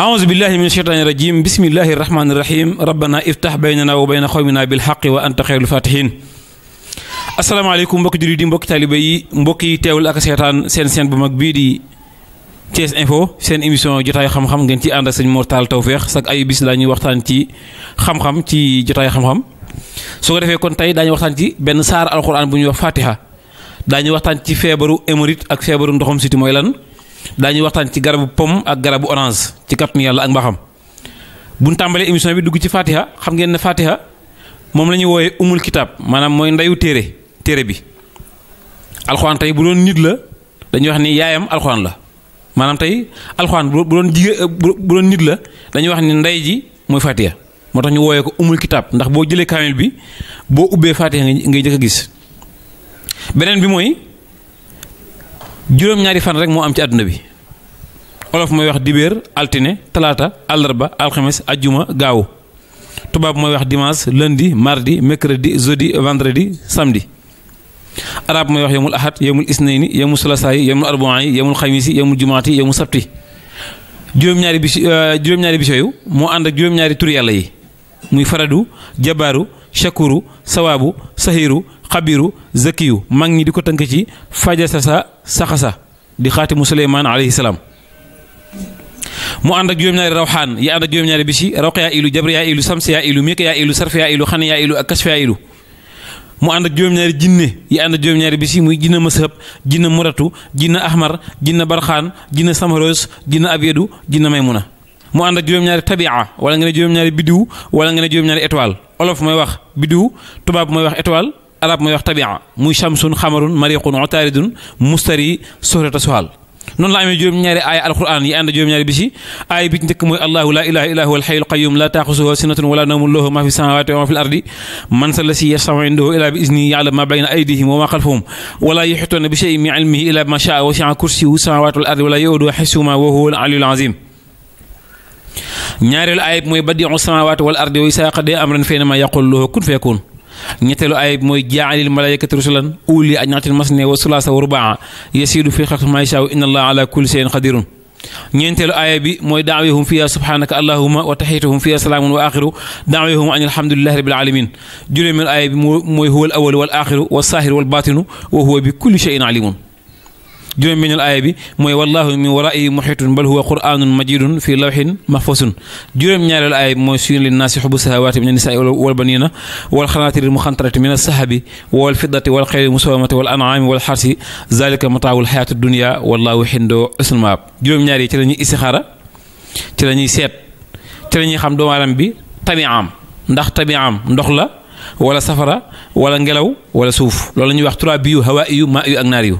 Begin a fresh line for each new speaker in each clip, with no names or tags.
أعوذ بالله من الشيطان الرجيم بسم الله الرحمن الرحيم ربنا افتح بيننا وبين قومنا بالحق وأنت خير الفاتحين asalaamaaleykum mbokki jullit yi mbokki taaliba yi mbokki teewul ak seetaan seen seen bu mag bii di Thiès Info seen émission jotaayu xam-xam ngeen ci ànd ak sëñ Mor Talla Tawféex sax ay bis laa ñuy waxtaan ci xam-xam ci jotaayu xam-xam su ko defee kon tey daañu waxtaan ci benn saar alxuraan bu ñuy wax daa daañu waxtaan ci feebaru hémorroïde ak feebaru ndoxam siti mooy lan. daañuy waxtaan ci garabu pom ak garabu orange ci kàttanu yàlla ak mbaaxam bu ñu tàmbalee émission bi dugg ci Fatiha xam ngeen ne Fatiha moom la ñuy wooyee umul kitaab maanaam mooy ndeyu téere téere bi alxuraan tey bu doon nit la dañuy wax ni yaayam alxuraan la maanaam tey alxuraan bu doon jigéen nit la dañuy wax ni ndey ji mooy Fatiha moo tax ñu wooyee ko umul kitaab ndax boo jëlee kaamil bi boo ubbee Fatiha ngay njëkk a gis beneen bi mooy. juróom-ñaari fan rek moo am ci àdduna bi olof mooy wax dibéer altine talaata àllarba alxames ajjuma gaawu tubaab mooy wax dimanche lundi mardi mercredi jeudi vendredi samdi arab mooy wax yemul ahad yemul isnayni yemul sulasaayi yemul arbuayi yemul xamisi yemul jumaati yemul sabti juróom-ñaari bis euh, juróom-ñaari bis yooyu moo ànd ak juróom-ñaari tur yi muy faradu jabaaru shakuru sawaabu saxiiru xabiru zakiyu mag ñi di ko tënk ci fajasa sa saxasa di xaatimu suleymaan alayhi salaam mu ànd ak juróom-ñaari rawxaan yi ànd ak juróom-ñaari bisi rawq yaa ilu jabr yaa ilu sams yaa ilu mik ilu sarf ilu xan ilu ak kasf ilu mu ànd ak juróom-ñaari jinne yi ànd ak juróom-ñaari bisi muy jinne mësëb jinne muratu jinne ahmar jinne barxaan jinne samharoos jinne abyadu jinne maymuna mu ànd ak juróom-ñaari tabia wala nga ne juróom-ñaari bidiw wala nga ne arab mooy wax tabia muy shamsun xamarun mariqun utaaridun mustari sohrata suhal noonu la amee juróom-ñaari aaya alquran yi ànd juróom-ñaari bi si aaya bi ci njëkk mooy allahu laa ilaha illa huwa alxayyul qayyum laa taaxusuhu sinatun wala nawmun lahu maa fi samaawaati wa maa fi ardi man sa lasi yashfau indahu illa bi isnihi yaalam maa bayna aydihim wa maa xalfahum wala yuxituuna bi shay'in min ilmihi illa bimaa shaa wasia kursiyyuhu samaawaati wal ardi wala yauduhu xifzuhumaa wa huwa al aliyyul aziim ñaareelu aaya bi mooy badiu samaawaati wal ardi wa isaa qada amran faynama yaqul lahu kun fayakun ñetteelu ayib mooy jaalil malaykati rusulan uli ajnatil masne wa sulaasa wa rubaa yasiidu fi xalqi maa yashaa inna allaha ala kulli shay'in qadirun ñeenteelu aaya bi mooy daawihum fiya subhanaka allahuma wa taxiyatuhum fiya salaamun wa axiru daawihum an alhamdulilahi rabil alamin juróomeel aaya bi mooy huwa al awalu wal axiru wa saahiru wal baatinu wa huwa bi kulli shay'in alimun juróom-benneelu aaya bi mooy wallahu min waraa'ihi muhiitun bal huwa qur'aanun majiidun fii lawhin mahfuusun juróom-ñaareelu aaya bi mooy suyyina linnaasi hubbu shahawaati mina nisaa'i wal baniina wal qanaatiiril muqantarati mina zahabi wal fiddati wal xayli musawwamati wal an'aami wal harsi zaalika mataa'ul hayaati dunya wallaahu indahu husnul ma'aab juróom-ñaar yi ci la ñuy istixaara ci la ñuy seet ci la ñuy xam doomu aadama bi tabi'am ndax tabi'am ndox la. wala safara wala ngelaw wala suuf loolu ñuy wax trois biyu hawa iyu maa yu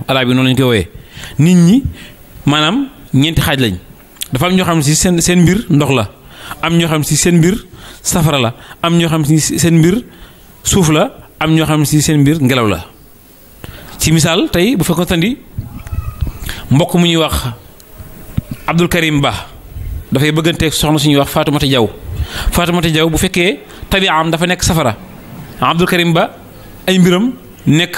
arab yi noonu la koy wooyee nit ñi maanaam ñeenti xaaj lañ dafa am ñoo xam si seen seen mbir ndox la am ñoo xam si seen mbir safara la am ñoo xam si seen mbir suuf la am ñoo xam si seen mbir ngelaw la ci misaal tey bu fekkoon mbokk mu ñuy wax Abdul Karim Ba dafay bëgganteeg soxna suñuy wax Fatoumata Diaw Fatoumata jaw bu fekkee tabiaam dafa nekk safara Abdul Karim Ba ay mbiram nekk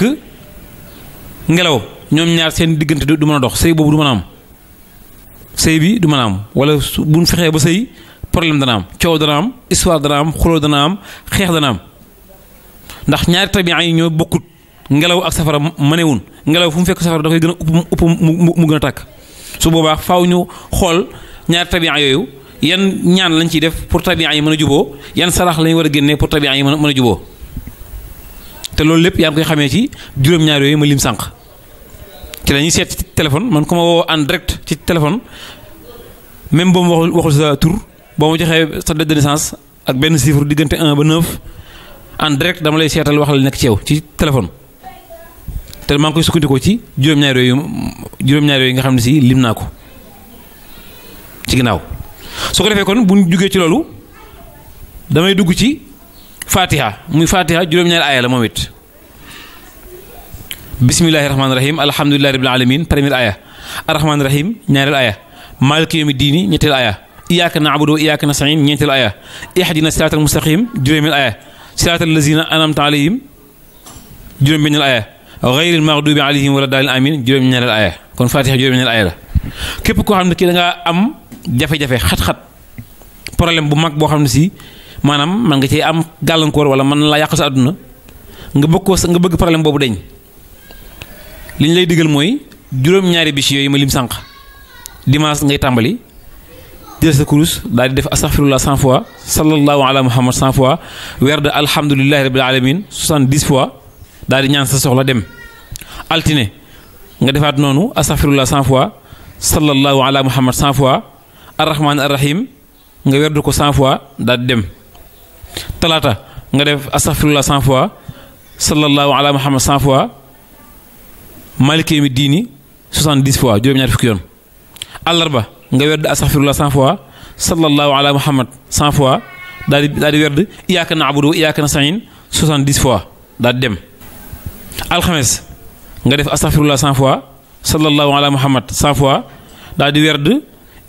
ngelaw ñoom ñaar seen diggante du mën a dox sëy boobu du mën am sëy bi du mën am wala bu ñu fexee ba sëy problème dana am coow dana am histoire dana xuloo dana am xeex dana am ndax ñaari tabiya yi ñoo bokkut ngelaw ak safara mënewun ngelaw fu mu fekk safara dafay koy gën a upp upp mu gën a tàkk su boobaa faaw ñu xool ñaari tabiya yooyu yan ñaan lañ ciy def pour tabiya yi mën a juboo yan sarax lañ war a génnee pour tabiya yi man a mën a juboo te loolu lépp yaa ngi koy xamee ci juróom-ñaar yooyu ma sànq. ci la ñuy seet ci téléphone man ku ma woo en direct ci téléphone même boo ma waxul sa tur boo ma joxee sa date naissance ak benn chiffre diggante 1 ba 9 en direct dama lay seetal wax la nekk ci yow ci téléphone. te maa ngi koy sukkandikoo ci juróom-ñaari yooyu juróom-ñaari yooyu nga xam ne si lim naa ko ci ginnaaw su ko defee kon bu ñu jugee ci loolu damay dugg ci Fatiha muy Fatiha juróom-ñaari aaya la moom it. bismillahi rahmaani rahim alhamdulillahi rabbil alamin première aya arrahmaani rahim ñaareel aya maaliki yawmi diini ñetteel aya iyyaka na'budu wa iyyaka nasta'in ñeenteel aya ihdina siraatal mustaqim juróomeel aya siraatal lazina an'amta alayhim juróom benneel aya gayril maghdubi alayhim wala daalin amin juróom ñaareel aya kon fatiha juróom ñaareel aya la képp koo xam ne kii da am jafe-jafe xat-xat problème bu mag boo xam ne si maanaam man nga cee am gàllankoor wala man laa yàq sa àdduna nga bëgg koo nga bëgg problème boobu deñ li lay digal mooy juróom-ñaari bis yooyu ma lim sànq dimanche ngay tàmbali jël sa kurus daal def astaghfirullah cent fois sallallahu ala muhammad cent fois weer de alhamdulilahi rabbil alamin fois daal di ñaan sa soxla dem nga defaat noonu astaghfirullah cent fois sallallahu ala muhammad cent fois nga werdu ko cent fois daal di dem talaata nga def astaghfirullah cent fois sallallahu ala muhammad cent fois maliki mi diini soixante-dix fois juróom-ñaar fukki yoon àllarba nga werd astaxfirullah cent fois sallallahu ala muhammad cent fois daal di daal di werd iyaaka na abudu iyaaka na sahin soixante-dix fois daal di nga def astaxfirullah cent fois sallallahu ala muhammad cent fois daal di werd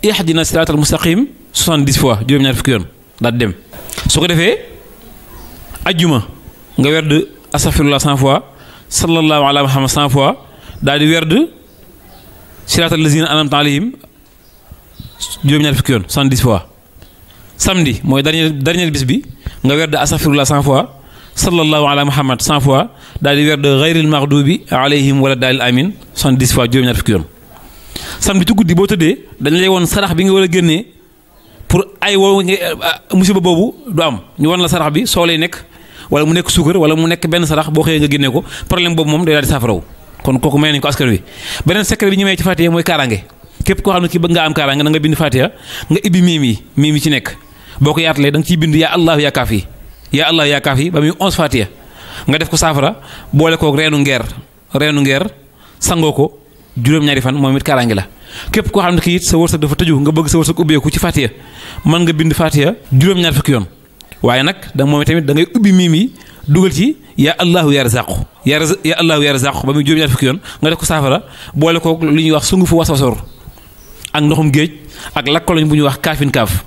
ihdina siraatal mustaqim soixante-dix fois juróom fukki yoon daal dem su ko defee ajjuma nga werd astaxfirullah cent fois sallallahu ala muhammad cent fois daal di werd siraatal lazina anamta alayhim juróom-ñaar fukki yoon cent dix fois samedi mooy dernier dernier bis bi nga werd astaghfirullah cent fois sallallahu ala muhammad cent fois daal di werd ghayril maghdubi alayhim wala daalil amin cent dix fois juróom-ñaar yoon samedi ci guddi boo tëddee dañu lay woon sarax bi nga war a génnee pour ay woo musiba boobu du am ñu wan la sarax bi soo lay nekk wala mu nekk suukar wala mu nekk benn sarax boo xëyee nga génnee ko problème boobu moom day daal di saafaraw kon kooku may nañ ko askan wi beneen secret bi ñu may ci Fatiha mooy kaaraange képp koo xam ne ki bëgg ngaa am kaaraange na nga bind Fatiha nga ibbi mii yi miim ci nekk boo ko yaatalee da nga ciy bind yaa allahu yaa kaaf yi yaa allahu yaa kaaf yi ba muy onze Fatiha nga def ko saafara boole koog reenu ngeer reenu ngeer sangoo ko juróom-ñaari fan moom it kaaraange la képp koo xam ne ki it sa wërsëg dafa tëju nga bëgg sa wërsëg ubbeeku ci Fatiha mën nga bind Fatiha juróom-ñaari fukki yoon waaye nag da moom tamit dangay ubbi mii yi dugal ci yaa allahu yaa razaqu yaa yaa allahu yaa razaqu ba muy juróom-ñaar fukki yoon nga def ko saafara boole ko lu ñuy wax sungufu waswasoor ak ndoxum géej ak lakkoloñ bu ñuy wax kaafin kaaf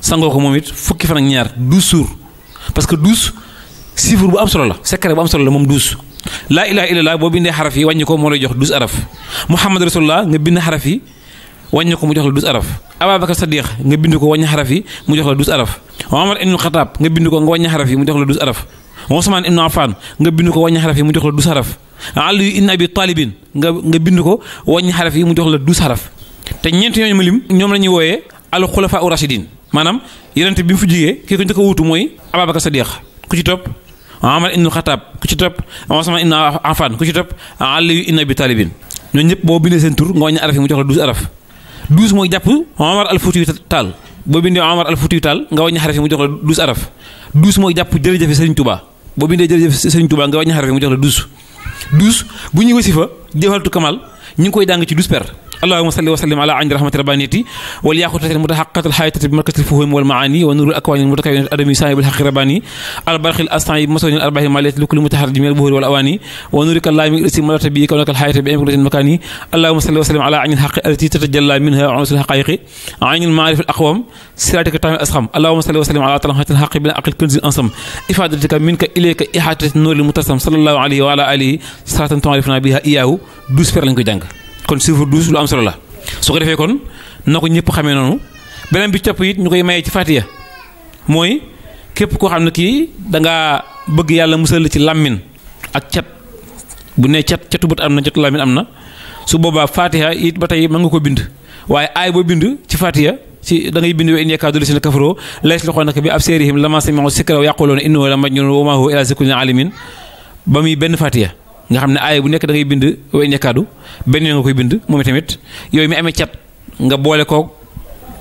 sangoo ko moom it fukki fan ak ñaar douze jours parce que douze chiffre bu am solo la secret bu am solo la moom douze laa ilaha illallah boo bindee xaraf yi wàññi ko moo lay jox douze araf muhammad rasulullah nga bind xaraf yi wàññi ko mu jox la douze araf Ababacar Sadiq nga bind ko wàññi xaraf yi mu jox la douze araf Omar ibnu Xataab nga bind ko nga wàññi xaraf yi mu jox la douze araf Ousmane ibnu Affan nga bind ko wàññi xaraf yi mu jox la douze araf Ali ibnu Abi Talibin nga nga bind ko wàññi xaraf yi mu jox la douze araf te ñeent ñooñu ma lim ñoom la ñuy wooyee al xulafa u rachidin maanaam yonente bi mu fi jugee kii ko njëkk a wuutu mooy Ababacar Sadiq ku ci topp Omar ibnu Xataab ku ci topp Ousmane ibnu Affan ku ci topp Ali ibnu Abi Talibin ñooñu ñëpp boo bindee seen tur nga wàññi araf yi mu jox la douze araf douze mooy jàpp Omar al Futiyu Taal boo bindee Omar al Futiyu Taal nga wàññi xaraf yi mu jox la douze araf douze mooy jàpp jërëjëf Serigne Touba boo bindee jërëjëf Serigne Touba nga wàññi xaraf yi mu jox la douze douze bu ñuy wasifa jëfaltu kamal ñu ngi koy jàng ci douze per allahuma salli wa sallim ala añ rahmati rabbaniyati wal yaqutatil mutahaqqatil hayatati bi markatil fuhum wal maani wa nurul akwani mutakawwinat adami sami bil haqqi rabbani al barqil astan masoni al barqil maliyati lukul mutaharrimi al buhuri wal awani wa nurika lami irsi malata bi kawnaka al hayati bi imkanatin makani allahuma salli wa sallim ala añ al haqqi allati tatajalla minha unsul haqaiqi añ al ma'rif al aqwam siratika tamil asqam allahuma salli wa sallim ala talhatil haqqi bil aqil kunzil ansam ifadatika minka ilayka ihatatin nuril mutasam sallallahu alayhi wa ala alihi saratan ta'rifna biha iyahu douze fer lañ ko jàng kon chiffre douze lu am solo la su ko defee kon na ko ñëpp xamee noonu beneen bi topp it ñu koy maye ci fatiya mooy képp koo xam ne kii da bëgg yàlla musal ci làmmin ak cat bu ne cat catu bët am na catu làmmin am na su boobaa fatiha it ba tey mën nga ko bind waaye aay boo bind ci fatiha ci da ngay bind wa in yakaadu llaziina kafaroo layazuliqunaka bi absaarihim lammaa sami'u zikra wa yaquuluuna innahu lamajnuun wa maa huwa illaa zikrun lil aalamiin ba muy benn fatiha nga xam ne aaya bu nekk dangay bind way nekkaadu benn nga koy bind moom tamit yooyu mi amee cat nga boole koog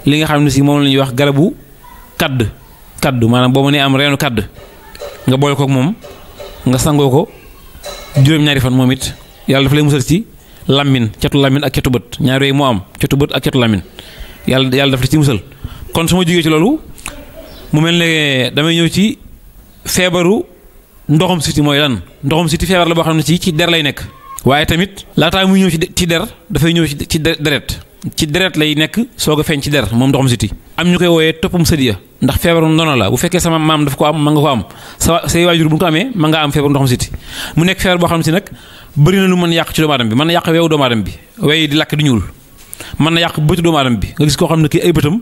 li nga xam ne si moom lañuy wax garabu kàdd kadd maanaam boo mënee am reenu kàdd nga boole koog moom nga sangoo ko juróom-ñaari fan moom it yàlla dafa lay musal si lammin catu lammin ak catu bët ñaar yooyu moo am catu bët ak catu lammin yàlla yàlla dafa la ci musal kon su ma jógee ci loolu mu mel ne damay ñëw ci feebaru. ndoxum siti mooy lan ndoxum siti feebar la boo xam ne ci ci der lay nekk waaye tamit laataa muy ñëw ci ci der dafay ñëw ci ci deret ci deret lay nekk soo ko feeñ ci der moom ndoxum siti am ñu koy wooyee toppum sëdiya ndax feebaru ndono la bu fekkee sama maam daf ko am ma nga ko am sa say waajur bu ñu ko amee ma nga am feebaru ndoxum siti mu nekk feebar boo xam ne si nag bëri na lu mën yàq ci doomu aadama bi mën na yàq weewu doomu aadama bi wey di lakk di ñuul mën na yàq bëtu doomu aadama bi gis koo xam ne kii ay bëtam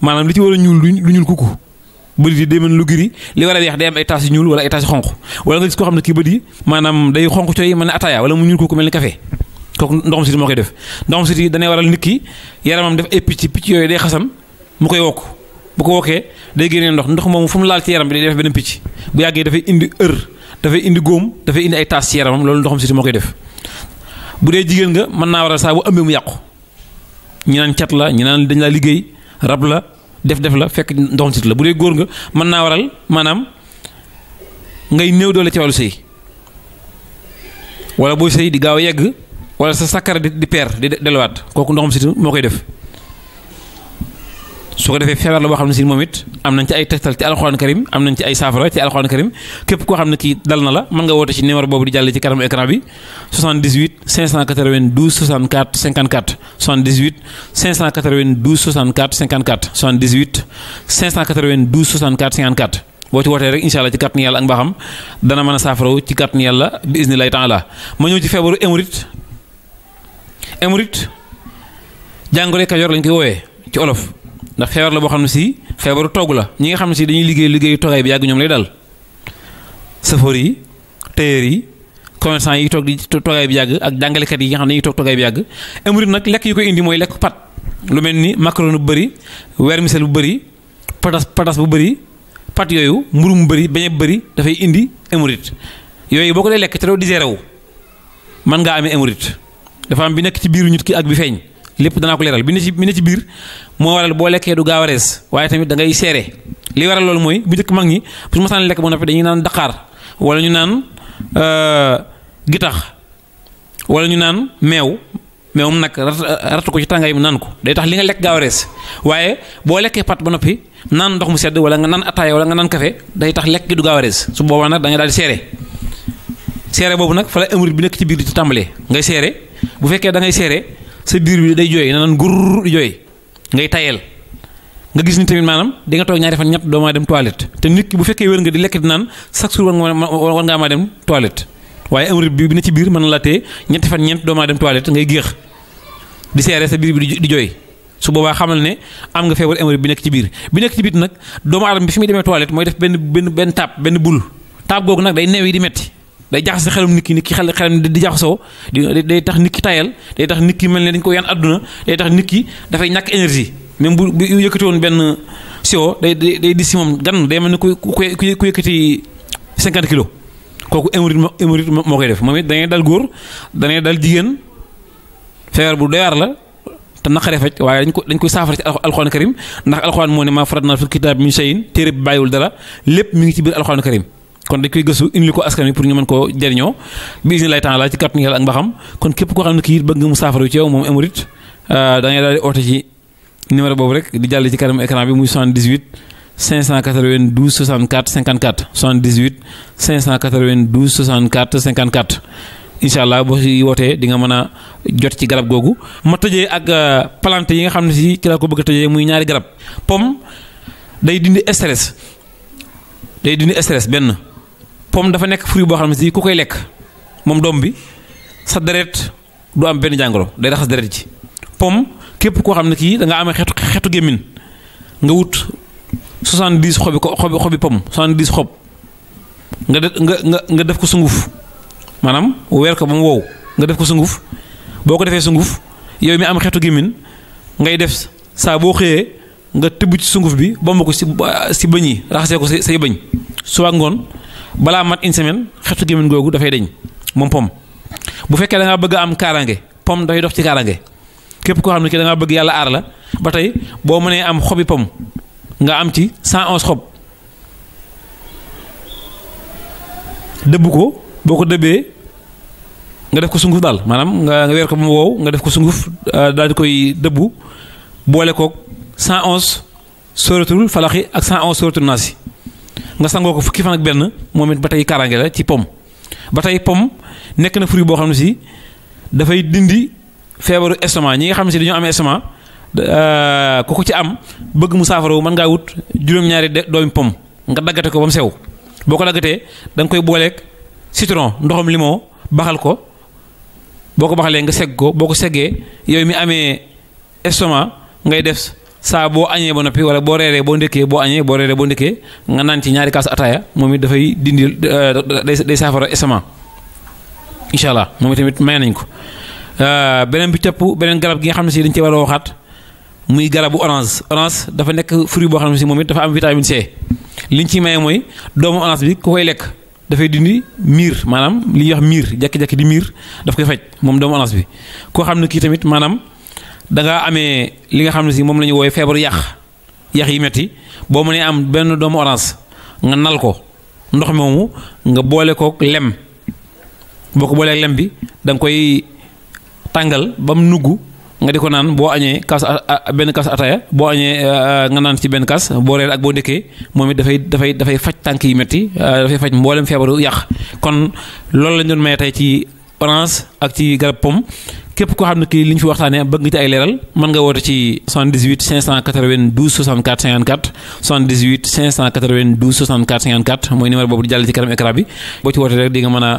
maanaam li ci war ñuul lu ñuul kukku bët yi day mel lu giri li war a weex day am ay taas yu ñuul wala ay taas yu xonq wala nga gis koo xam ne kii bët yi maanaam day xonq cooy mel ne ataaya wala mu ñuul ko mel ni café kooku ndoxum siti moo koy def ndoxum siti danay waral nit ki yaramam def ay picc picc yooyu day xasan mu koy wokk bu ko wokkee day génnee ndox ndox moomu fu mu laal ci yaram bi day def benn picc bu yàggee dafay indi indi góom dafay indi ay taas ci yaramam loolu ndoxum siti moo koy def bu dee jigéen nga mën naa waral saa bu ëmbee mu yàqu ñi cat la ñi naan dañ laa liggéey rab la def def la fekk ndoxum sit la bu dee góor nga mën naa waral maanaam ngay néew doole ci wàllu sëy wala booy sëy di gaaw a yegg wala sa sakkara di di peer di delluwaat kooku ndoxum sit moo koy def su ko defee feebar la boo xam ne si moom it am nañ ci ay tegtal ci alxuraan karim am nañ ci ay saafara ci alxuraan karim képp koo xam ne kii dal na la mën nga woote ci numéro boobu di jàll ci kanamu écran bi 78 592 64 54 78 592 64 54 78 592 64 54 boo ci wootee rek incha allah ci kàttanu yàlla ak mbaaxam dana mën a saafarawu ci kàttanu yàlla bi isnillahi taala ma ñëw ci feebaru émorite émorite jàngoro Kajoor lañ koy woowee ci olof. ndax feebar la boo xam ne si feebaru togg la ñi nga xam ne si dañuy liggéey liggéeyu toggaay bi yàgg ñoom lay dal safoor yi tailleur yi commerçant yi toog di toggaay bi yàgg ak jàngalekat yi nga xam ne dañuy toog toggaay bi yàgg émuride nag lekk yu koy indi mooy lekk pat lu mel ni macaroni bu bëri vermicelle bu bëri patas patas bu bari pat yooyu mburu mu bëri beñe bu bëri dafay indi émuride yooyu boo ko dee lekk te doo digéré wu mën ngaa amee émuride dafa am bi nekk ci biiru nit ki ak bi feeñ lépp danaa ko leeral bi ne ci ci biir moo waral boo lekkee du gaaw a rees waaye tamit dangay seere li waral loolu mooy bu njëkk mag ñi bu ñu masaan lekk ba noppi dañuy naan daqaar wala ñu naan euh, gitax wala ñu naan meew meewum nag ratu ko ci tàngaay mu naan ko day tax li nga lekk gaaw rees waaye boo lekkee pat noppi naan ndox mu sedd wala nga naan ataaya wala nga naan café day tax lekk gi su boobaa nag da daal di seere seere boobu nag fa bi nekk ci biir di tàmbalee ngay seere bu fekkee da ngay seere sa biir bi day jooy na naan gur di jooy ngay tayel nga gis ni tamit maanaam di nga toog ñaari fan ñett doo maa dem toilette te nit ki bu fekkee wér nga di lekk di naan chaque jour war nga war ngaa maa dem toilette waaye am bi bi na ci biir mën na la te ñetti fan ñeent doo dem toilette ngay géex di seere sa biir bi di jooy su boobaa xamal ne am nga feebar hémorroïde bi nekk ci biir bi nekk ci biir nag doomu aadama bi fi muy demee toilette mooy def benn benn benn taab benn bul taab googu nag day neew di metti day jaxase xelum nit ki nit ki xel xelam di jaxasoo di day tax nit ki tayal day tax nit ki mel ne dañ ko yan àdduna day tax nit ki dafay ñàkk énergie même bu bu yëkkati woon benn siwo day day di si moom gan day mel ne ku ku ku yëkkati 50 kilos kooku hémorroïde hémorroïde moo koy def moom it da dal góor da dal jigéen feebar bu doyaar la. te naqaree faj waaye dañ ko dañ koy saafara ci alxuraan karim ndax alxuraan moo ne maa farat naa fi kitaab min shay'in téere bàyyiwul dara lépp mu ngi ci biir alxuraan karim kon dañ koy gëstu indi ko askan wi pour ñu mën koo jëriñoo bi isni lay temps la ci kàttan yàlla ak mbaxam kon képp koo xam ne kii bëgg nga mu saafara ci yow moom émurit euh, da ngay daal di oote ci numéro boobu rek di jàll ci kanam écran bi muy 78 592 64 54 78 592 64 54 incha allah boo si wootee di nga mën a jot ci garab googu ma tëjee ak euh, palante yi nga xam ne si ci laa ko bëgg a tëjee muy ñaari garab pom day dindi stress day dindi stress pomme dafa nekk fruit boo xam ne si ku koy lekk moom doom bi sa deret du am benn jàngoro day raxas deret ji pomme képp koo xam ne kii da nga amee xetu xeetu gémmin nga wut soixante-dix xobi ko xobi xobi pomme soixante-dix xob nga def nga nga nga def ko sunguf maanaam weer ko mu wow nga def ko sunguf boo ko defee sunguf yow mi am xeetu gémmin ngay def saa boo xëyee nga tibb ci sunguf bi bomb ko si si bëñ yi raxasee ko say say bëñ suba ngoon balaa mat une semaine xetu gémmiñ googu dafay deñ moom pom bu fekkee da ngaa bëgg am kaaraange pom dafay dox ci kaaraange képp koo xam ne ki da bëgg yàlla aarala ba tey boo mënee am xobi pom nga am ci 111 xob dëbb ko boo ko dëbbee nga def ko sunguf daal maanaam nga weer ko ba mu wow nga def ko sunguf euh, daal di koy dëbbu boole koog 111 sóoratul falaxi ak 111 sóoratul naasi nga sangoo ko fukki fa ak benn moom it ba tey kaaraange la ci pom ba tey pom nekk na fruit boo xam ne si dafay dindi feebaru estomac ñi nga xam ne si dañoo am estomac euh, ku ko ci am bëgg mu saafara mën ngaa wut juróom-ñaari doomi pom nga daggate ko ba mu sew boo ko daggatee danga nga koy booleeg citron ndoxam limon baxal ko boo ko baxalee nga segg ko boo ko seggee yooyu mi amee estomac ngay des saa boo añee ba noppi wala boo reeree boo ndékkee boo añee boo reeree boo ndékkee nga naan ci ñaari kaas ataaya moom it dafay dindil euh, day saafara estomac incha allah moom itamit may nañ ko euh, beneen bi topp beneen garab gi nga xam ne si dañ ci war waxaat muy garabu orange orange dafa nekk fruit boo xam ne si moom it dafa am vitamine C liñ ci maye mooy doomu orange bi ku koy lekk dafay dindi miir maanaam li ñuy wax miir jekki-jekki di miir daf koy faj moom doomu bi koo xam ne kii tamit maanaam. da ngaa amee li nga xam ne si moom la ñu woowee feebaru yax yax yi metti boo mënee am benn doomu orange nga nal ko ndox moomu nga boole kook lem boo ko boolee lem bi da nga koy tàngal ba mu nugg nga di ko naan boo añee kaas benn kaas ataaya boo añee euh, euh, nga naan ci benn kaas boo reer ak boo ndékkee moom it dafay dafay dafay faj tànk yi metti euh, dafay faj mboolem feebaru yax kon loolu lañ doon may tey ci orange ak ci garab pomme képp ko xam ne kii li ñu fi waxtaanee bëgg nga ci ay leeral mën nga woote ci 78 592 64 54 78 592 64 54 mooy numéro boobu di jàll ci kanam bi boo ci wootee rek di nga mën a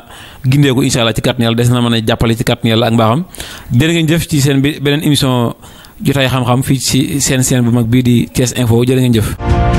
gindeeku allah ci kàttan yàlla des na mën jàppale ci kàttan yàlla ak mbaaxam jërë jëf ci seen beneen émission jotaay xam-xam fii ci seen seen bu mag bii di Thiès Info jërë jëf.